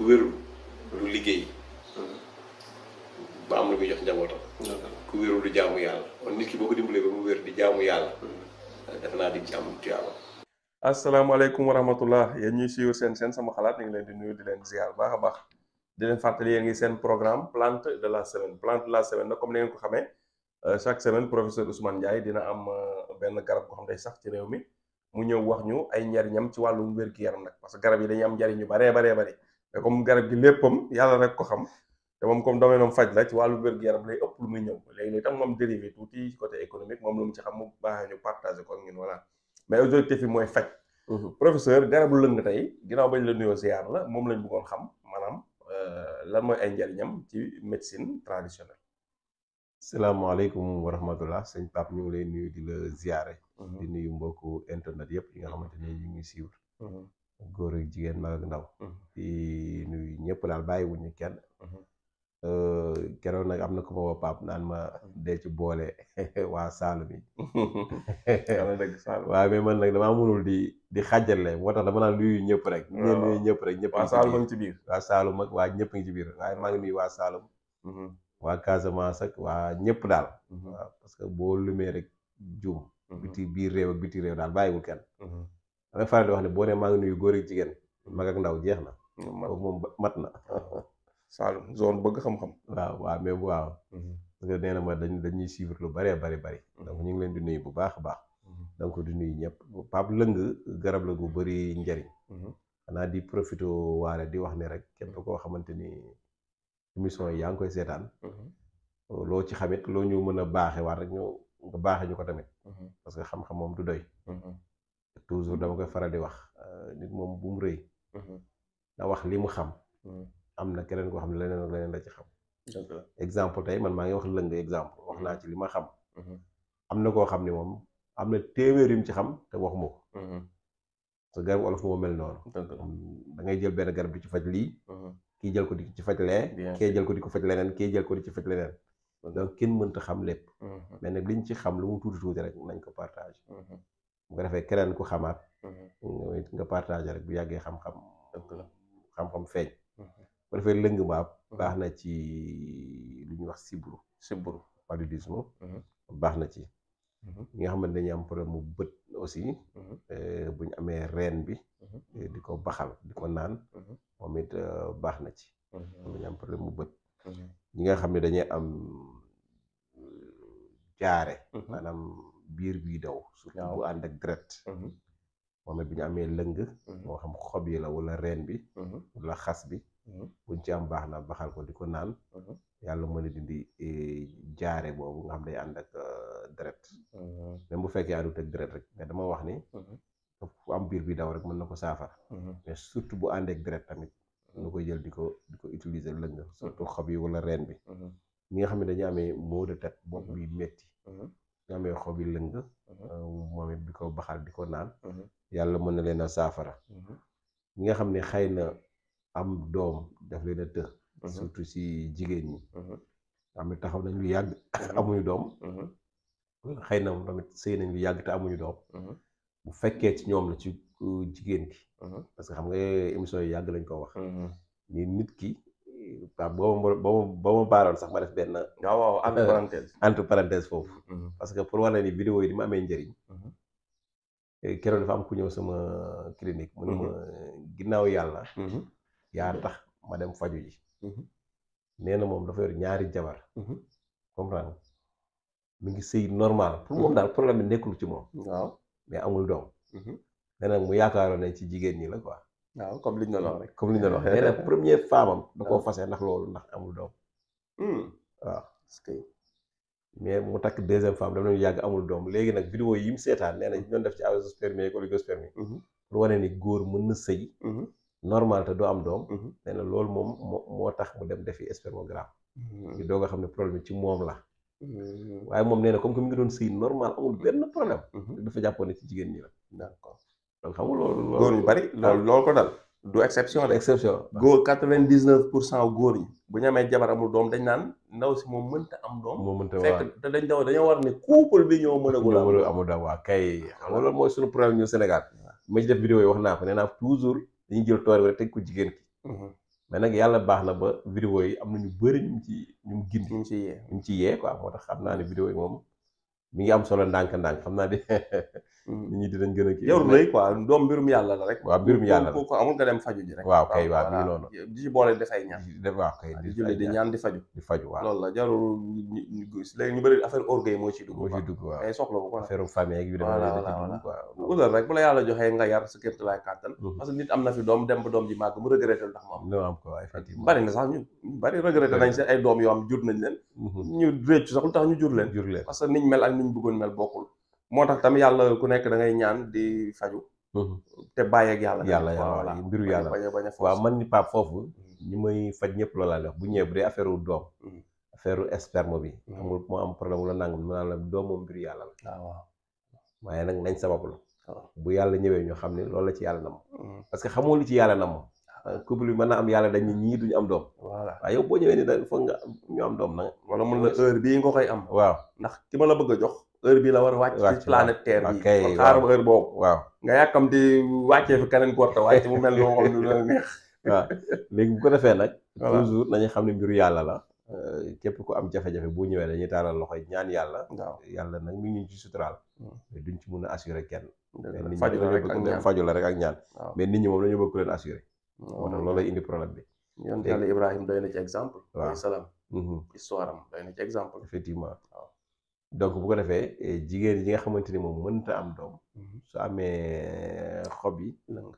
ku wérul lu liggéey ba am lu muy jox njabootam ku wérul du jaamu yàlla kon nit ki boo ko dimbalee ba mu wér di jaamu yàlla def naa di ci am tuyaaba asalaamaaleykum wa rahmatullah yéen ñuy suivre seen seen sama xalaat ñu ngi leen di nuyu di leen ziar baax a baax di leen fàttali yéen ngi seen programme plante de la semaine plante de la semaine nag comme ni ngeen ko xamee euh, chaque semaine professeur Ousmane Ndiaye dina am euh, benn garab goo xam day sax ci réew mi mu ñëw wax ñu ay njariñam ci wàllum wér-gi-yaram nag parce que garab yi dañuy am njariñ yu baree baree bari mais comme garab gi léppam yàlla rek ko xam te moom comme domaine am faj la ci wàllu wér gu yaram lay ëpp lu muy ñëw léegi léegi tam moom dérivé tuuti ci côté moom lu mu ci xam mu baaxee ñu partagé ko ak ñun voilà mais objectif fi mooy faj. Mhm. professeur garabu lëng tey ginnaaw bañ la nuyoo ziar la moom lañ bëggoon xam maanaam euh, lan mooy ay njariñam ci médecine traditionnelle. salaamaaleykum wa rahmatullah sëñ Pape ñu lay nuyu di la ziare. Mhm. di nuyu mbokku internet yëpp yi nga xamante ni ngi suivre. Mhm. góor ak jigéen mag ndaw. di nuyu ñëpp daal bàyyiwuñu kenn. Euh, keroog nag am na ku ma woo Pape naan ma dee ci boole waa Saalum yi. waaw mais man nag damaa mënul di di xàjjale moo tax dama naan ñëpp rek. ñëpp ñëpp. waa Saalum ci biir waa Saalum ak waa ñëpp ngi ci waa Saalum. waa Casamance ak waa ñëpp daal. parce que boo lumee rek juum. biti biir réew ak biti réew daal bàyyiwul kenn. damay faral di wax ne boo nee maa ngi nuyu góor ak jigéen mag ndaw jeex na. kooku moom mat na. Saalum zone bëgg xam-xam. waaw waaw waaw. Mhm. parce que nee na ma dañ dañuy suivre lu bëree bëri bari mhm. donc ñu ngi leen di nuyu bu baax a baax. Mhm. donc di nuyu ñëpp Pape Lëng garab la gu bëri njariñ. xanaa di profité waale di wax ni rek képp koo xamante ni émission yaa ngi koy seetaan. loo ci xamit loo ñu mën a baaxee waat rek ñu nga baaxee ñu ko tamit. parce que xam moom du doy. toujours dama koy faral di wax euh, nit moom bu mu rëy. da mhm. wax li mu xam. Mhm. am na keneen koo xam ne leneen ak leneen la ci xam. exemple tey man maa ngi wax lëng exemple wax naa ci li ma xam. Mhm. am na koo xam ne moom am na téeméer yim ci xam te waxuma ko. parce que garabu olof moo mel noonu. da ngay jël benn garab di ci faj lii. kii jël ko di ci faj lee. kii jël ko di faj leneen kii jël ko di ci faj leneen. donc kenn mënta xam lépp. mais nag liñ ci xam lu mu tuuti tuuti rek nañ ko partage. nga ko defee keneen ku xamaat mhm. nga partager rek bu yagge xam-xam xam-xam feñ mhm. bu defee leung baab mhm. baxna ci lu wax sibru sibru paludisme baxna ci nga xamante dañu am problème mu aussi euh buñ amé reen bi eh, diko baxal diko nan momit eh, baxna ci dañu am problème mu ñi nga xam dañuy am jaare maanaam biir biy daw. surtout bu ànd ak deret. moom mhm. bi ñu amee lëng. Mhm. moo xam xob yi la walla reen bi. Mhm. wala xas bi. buñ ci am baax na baxal ko di ko naan. yàlla mën a dindi e, jaare boobu nga xam day ànd ak e, deret. bu fekkee àndut ak deret mais dama wax ni. am biir bi daw rek mën na ko saafara. surtout bu ànd ak tamit. nu koy jël di ko ko utiliser lëng. surtout xob yi wala reen bi. ñi nga xam dañu amee maux de tête bopp bi métti. amee xob yi lëng mhm. euh, moom bi ko baxal di ko naan mhm. yàlla mën na leen a saafara mhm. ñi nga xam ne xay na am doom daf leen a të surtout si jigéen ñi amit taxaw nañu lu yàgg amuñu doom xëy na tamit sëy nañ bu yàgg te amuñu doom bu fekkee ci ñoom la ci euh, jigéen ki parce que xam nga émission yi yàgg lañ ko wax nit ki waaw boo ma boo ma boo ma baaroon sax ma def benn. waaw waaw entre euh, parenthèse. entre parenthèse foofu. Mm-hmm. parce que pour wane ni vidéo yi di ma amee njëriñ. Mm-hmm. Eh, keroog dafa am ku ñëw sama clinique. mu ne ma mm-hmm. ginnaaw yàlla. yaa tax ma dem faju ji. na moom dafa yor ñaari jabar. mu ngi sëy normal. pour moom daal problème nekkul ci moom. waaw mais amul doom. nee na mu yaakaaroon ne ci jigéen ñi la quoi. waaw comme liñ doon wax rek comme liñ doon wax eh, nee na première femme am da koo ah. fase ndax loolu ndax amul doom hmm. waaw parce que mais mu takk deuxième femme daf leen yàgg amul doom léegi nag vidéo yi mu seetaan nee na doon def ci azoospermie ak oligospermie hmm. pour wane ni góor mën na sëy hmm. normal te du am doom nee loolu moom moo tax mu dem defi spermogramme ñu doog a xam ne problème ci moom la waaye moom nee na comme que mu ngi doon sëy normal amul benn problème fa jàppoon ne ci jigéen ñi la d'accord donc loolu. ñu bari ah. loolu loolu ko dal. du exception de exception. góor quatre vingt dix neuf pour cent góor yi bu ñu amee jabar amul doom dañ naan ndaw si moom mënta am doom. moo mënta fekk te dañ daw dañoo war ne couple bi ñoo mën a. góor amul amul doom waa kay. xam nga loolu mooy suñu problème ñu Sénégal. ma ci def vidéo yi wax naa ko nee naa toujours dañuy jël toor bi rek teg ko jigéen ki. Mm-hmm. mais nag yàlla baax na ba vidéo yi am na ñu bëri ñu ñu gindi. ñu ci yee ñu ci yee quoi moo tax xam naa ne vidéo yi moom mi ngi am solo ndànk-ndànk xam di hmm. nit ñi dinañ gën a kii la rek waaw mbirum yàlla la ko amul nga dem faju ji rek waaw kay la jarul léegi ñu bëri affaire orgueil moo ciy dugg moo ciy dugg waaw ay soxla bu la yàlla joxee nga yar sa képp laay kàttan mhm. parce que nit am na fi doom dem ba doom ji màgg mu regretté ndax mu am am ko effectivement bari na sax ñu bari regretté nañ seen ay doom yoo am jur nañ leen mhm. ñu réccu sax lu tax ñu jur leen jur leen parce que mel ak li ñu bëggoon mel bokkul moo tax tam yàlla ku nekk da ngay ñaan di faju mhm. te bàyyi ak yàlla. yàlla yàlla mbiru yàlla waaw man ni Pape foofu. ñi mhm. may faj ñëpp loolu laa wax bu ñëwee bu dee affaire doom. Mhm. affaire sperme bi. amul moo am problème wala nangam mu naan la doom moom mbiru yàlla la. Ah, waaye nag nañ sabablu. Ah. bu yàlla ñëwee ñu xam ne loolu la ci yàlla nam parce que xamoo lu ci yàlla nam Euh, couple bi mën na am yàlla dañ ne ñii duñu am doom. voilà waaye yow boo ñëwee ni da foog nga ñu am doom nag. wala mën na heure bii nga koy am. waaw ndax ki ma la bëgg a jox. heure bii la war a wàcc ci planète Terre bi. ok waaw xaaral nga yàkkam di wàccee fi keneen góor te waaye mu mel ni moom a la bu ko defee nag. toujours nañu xam ne mbiru yàlla la. Euh, képp ku am jafe-jafe bu ñëwee dañuy taalal loxo ñaan yàlla. yàlla nag mi ngi ci suturaal. Hmm. mais duñ ci mun a assurer kenn. faju la rek ak ñaan mais nit ñi moom la ñu bëgg leen assurer moo tax loolay indi problème bi. yoon yàlla Ibrahima doy na ci exemple. waaw salaam. histoire mm-hmm. am doy na ci exemple. effectivement waaw. donc bu ko defee eh, jigéen ñi nga xamante ni moom mënta am doom. Mm-hmm. su amee eh, xob yi. lëng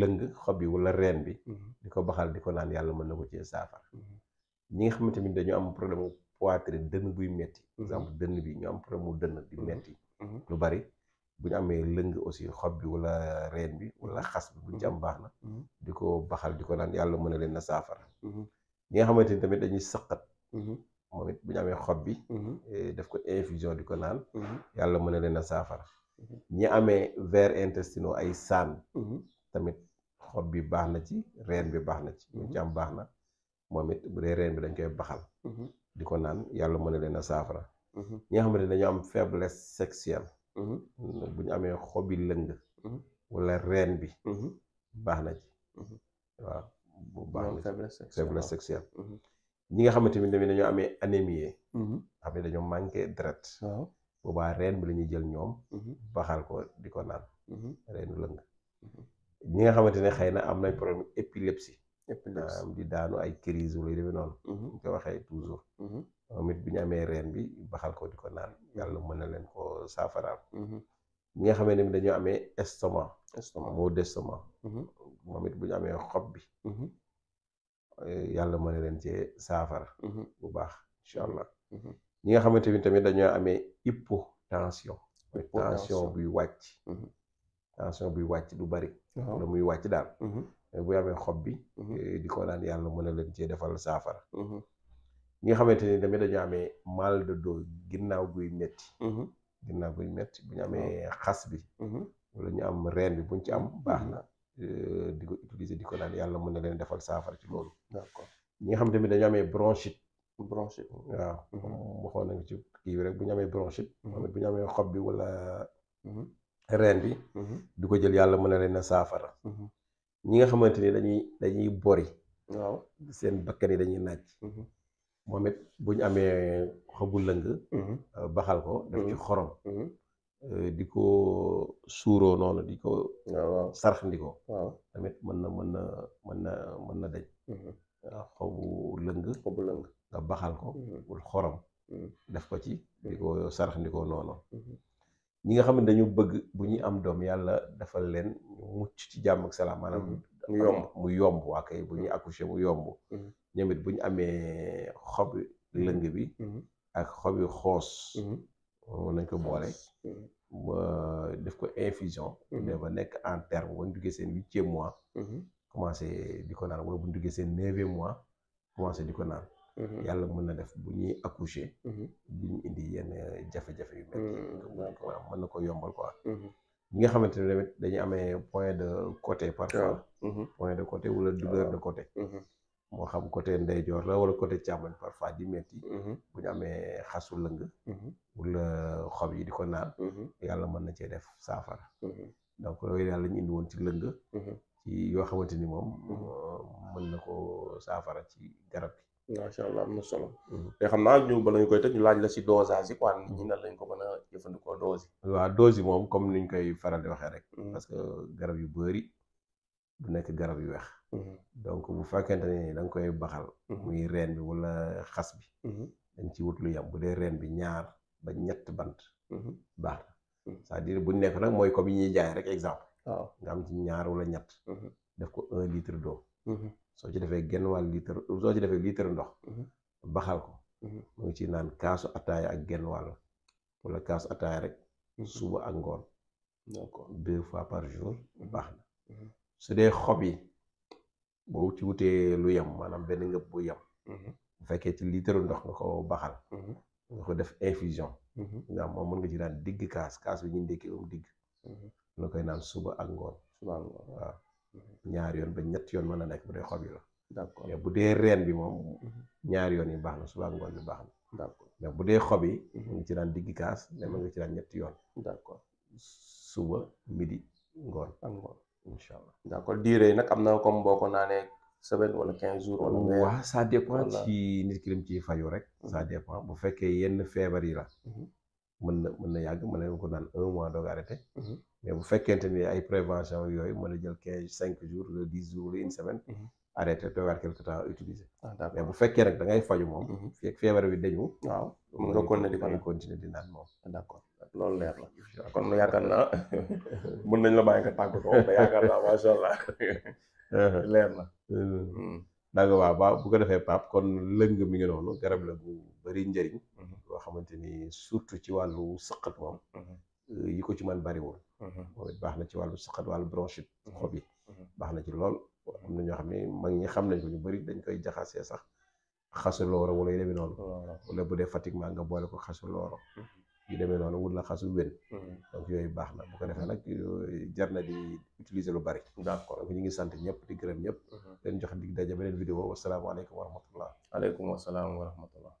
lëng xob yi wala reen bi. Mm-hmm. di ko baxal di ko naan yàlla mën na ko cee saafara. ñi nga xamante ni dañu am problème mu poitrine dënn buy metti. exemple dënn bi ñu am problème mu dënn di metti lu bari. buñ ñu amee lëng aussi xob bi wala reen bi wala mhm. xas bi bu mhm. baax na mhm. di ko baxal di ko naan yàlla mën na leen na saafara ñi nga xamante tamit dañuy momit buñ xob bi eh, def ko infusion di ko naan yàlla mën na leen a saafara ñi amee ver intestinaux ay saan tamit xob bi baax na ci reen bi baax na ci bu jam baax na momit it bu dee reen bi dañ koy baxal di ko naan yàlla mën na leen ñi nga xamante ni am faiblesse sexuelle bu ñu amee xobi lëng wala reen bi baax na ci waaw bu baax na ci faiblesse sexuelle ñi nga xamante ni dañoo amee anémie xam ne dañoo manqué deret boobaa reen bi la ñuy jël ñoom baxal ko di ko naan reenu lëng ñi nga xamante ne xëy na am nañ problème épilepsie am di daanu ay crise wala yu demee noonu ñu ko waxee toujours moom it bu reen bi baxal ko diko naan yalla mëna leen ko saafaraal mm-hmm. ñi nga xamé ni dañu amé estomac estomac mo d'estomac hmm momit bu ñu amee xob bi mm-hmm. eh, yàlla mën na leen safara hmm bu baax inshallah hmm ñi nga xamé tamit tamit dañoo amee hypotension mm-hmm. tension buy wàcc tension bi wacc du bari uh-huh. la muy wàcc daal eh, bu amee xob bi eh, diko naan yalla mëna na ci cee safara hmm ñi nga xamante ni tamit dañu amee mal de dos ginnaaw guy metti mhm. ginnaaw guy metti bu ñu amee xas bi mhm. wala ñu am reen bi buñ ci am mhm. baax na euh, di ko utiliser di ko naan yàlla mën na leen defal saafara ci loolu d'accord ñi nga xam tamit dañu amee bronchite bronchite oh. waaw nañ ci kii bi rek bu ñu amee bu ñu amee xob bi wala reen bi di ko jël yàlla mën na leen a saafara ñi nga xamante ni dañuy dañuy bori waaw seen bakkan yi dañuy naaj moom it bu ñu amee xobu lëng mhm. euh, baxal ko def ci mhm. xorom mhm. Euh, di ko suuroo noonu di ko ah, sarxndikoo ah. tamit mën na mën na mën na mën na daj waaw lëng xobu lëng nga baxal ko bul xorom def ko ci di ko sarxndikoo noonu ñi nga xam ne dañu bëgg bu ñuy am doom yàlla defal leen mucc ci jàmm ak salaam maanaam mu yomb mu yomb waa kay bu ñuy accoucher mu yomb ñamit buñ amé xob leung bi mhm. ak xobi xoss mën mhm. nañ ko bolé mhm. def ko infusion ba nek en terme ba ñu sen 8 e mois commencé diko ko wala buñ ñu sen 9e mois commencé diko ko yalla mën na def bu ñuy accoucher bu indi yene jafé jafé yu mel mën na ko yombal quoi ñi nga dañuy point de côté parfois point de côté wala douleur de côté moo xam côté ndeyjoor la wala côté càmmoñ parfois di metti mhm. bu ñu amee xasu lëng mhm. wala xob yi di ko naan mhm. yàlla mën na cee def saafara donc yooyu daal la ñu indi woon ci lëng ci yoo xamante ni moom mën na ko saafara ci garab gi macha allah am na solo. te xam naa ñu bala ñu koy tëj ñu laaj la si dosage yi quoi nit ñi nan ko mën a jëfandikoo dose waa waaw dose yi moom comme ni ñu koy faral di waxee rek. parce que garab yu bëri. du nekk garab yu weex mm-hmm. donc bu fekkente ne da nga koy baxal mm-hmm. muy reen bi wala xas bi mm-hmm. dañ ci wut lu yam bu dee reen bi ñaar ba ñett bant baax na c'est-à-dire buñ nekk mooy comme ñuy jaay rek exemple nga am ci ñaar ñett def ko un soo ci defee genn wàll soo ci defee litre ndox baxal ko mu ngi ci naan kaasu ataaya ak genn wàll wala kaasu ataaya rek suba ak ngoon deux fois par jour baax na su dee xob yi boo ci wutee lu yam maanaam benn ngëb bu yem mhm. bu fekkee ci liitaru ndox nga ko baxal mhm. nga ko def infusion mhm. nga moom mën nga ci daan digg kaas bi ñu ndekkee um digg koy naan suba ak ngoon suba ak ngoon yoon ba ñett yoon mën a nekk bu dee xob yi la d'accord mais bu dee reen bi moom ñaari yoon yi baax na suba ngoon bi baax na d'accord mais bu dee xob yi mu ngi ci daan diggi kaas mais mu nga ci daan ñetti yoon d'accord suba midi ngoon ak ngoon incha allah d' accord diire yi nag am na comme boo ko naanee semaine wala quinze jours. wala weer waaw ça dépend ci nit ki lim ciy faju rek. ça mhm. dépend bu fekkee yenn feebar yi la. Mhm. mën na mën na yàgg mën nañu ko naan un mois doog arrêté. Mhm. mais bu fekkente ni ay prévention yooyu mën a jël quinze cinq jours le dix jours une semaine. arrêté toogaat quelque temps utiliser. Ah, mais bu fekkee rek dangay faju moom. feebar bi dañu. waaw mën nga continuer di ko continuer di naan moom loolu leer la kon yaakaar naa mën nañ la bàyyi nga tàggatoo mais yaakaar naa macha allah leer na. Hmm. Hmm. danga waaw waaw bu ko defee pap kon lëng mi ngi noonu garab la bu bari njëriñ. Hmm. loo xamante ni surtout ci wàllu sëqat moom. Eh, ko ci man bariwul. moom baax na ci wàllu sëqat wàllu bronchite xob yi. baax na ci lool am na ñoo xam ne mag ñi xam nañ ko ñu bari dañ koy jaxasee sax xasu looro wala yu demee noonu. wala bu dee Fatick maa nga boole ko xasu looro. yu demee noonu wut la xasu wén hmm. donc yooyu baax na bu ko defee nag jar na di utiliser lu bari d'accord donc ñu ngi sant ñëpp di gërëm ñëpp hmm. leen jox dig daje beneen vidéo wasalaamaaleykum wa rahmatullah aleykum wasalaam wa rahmatullah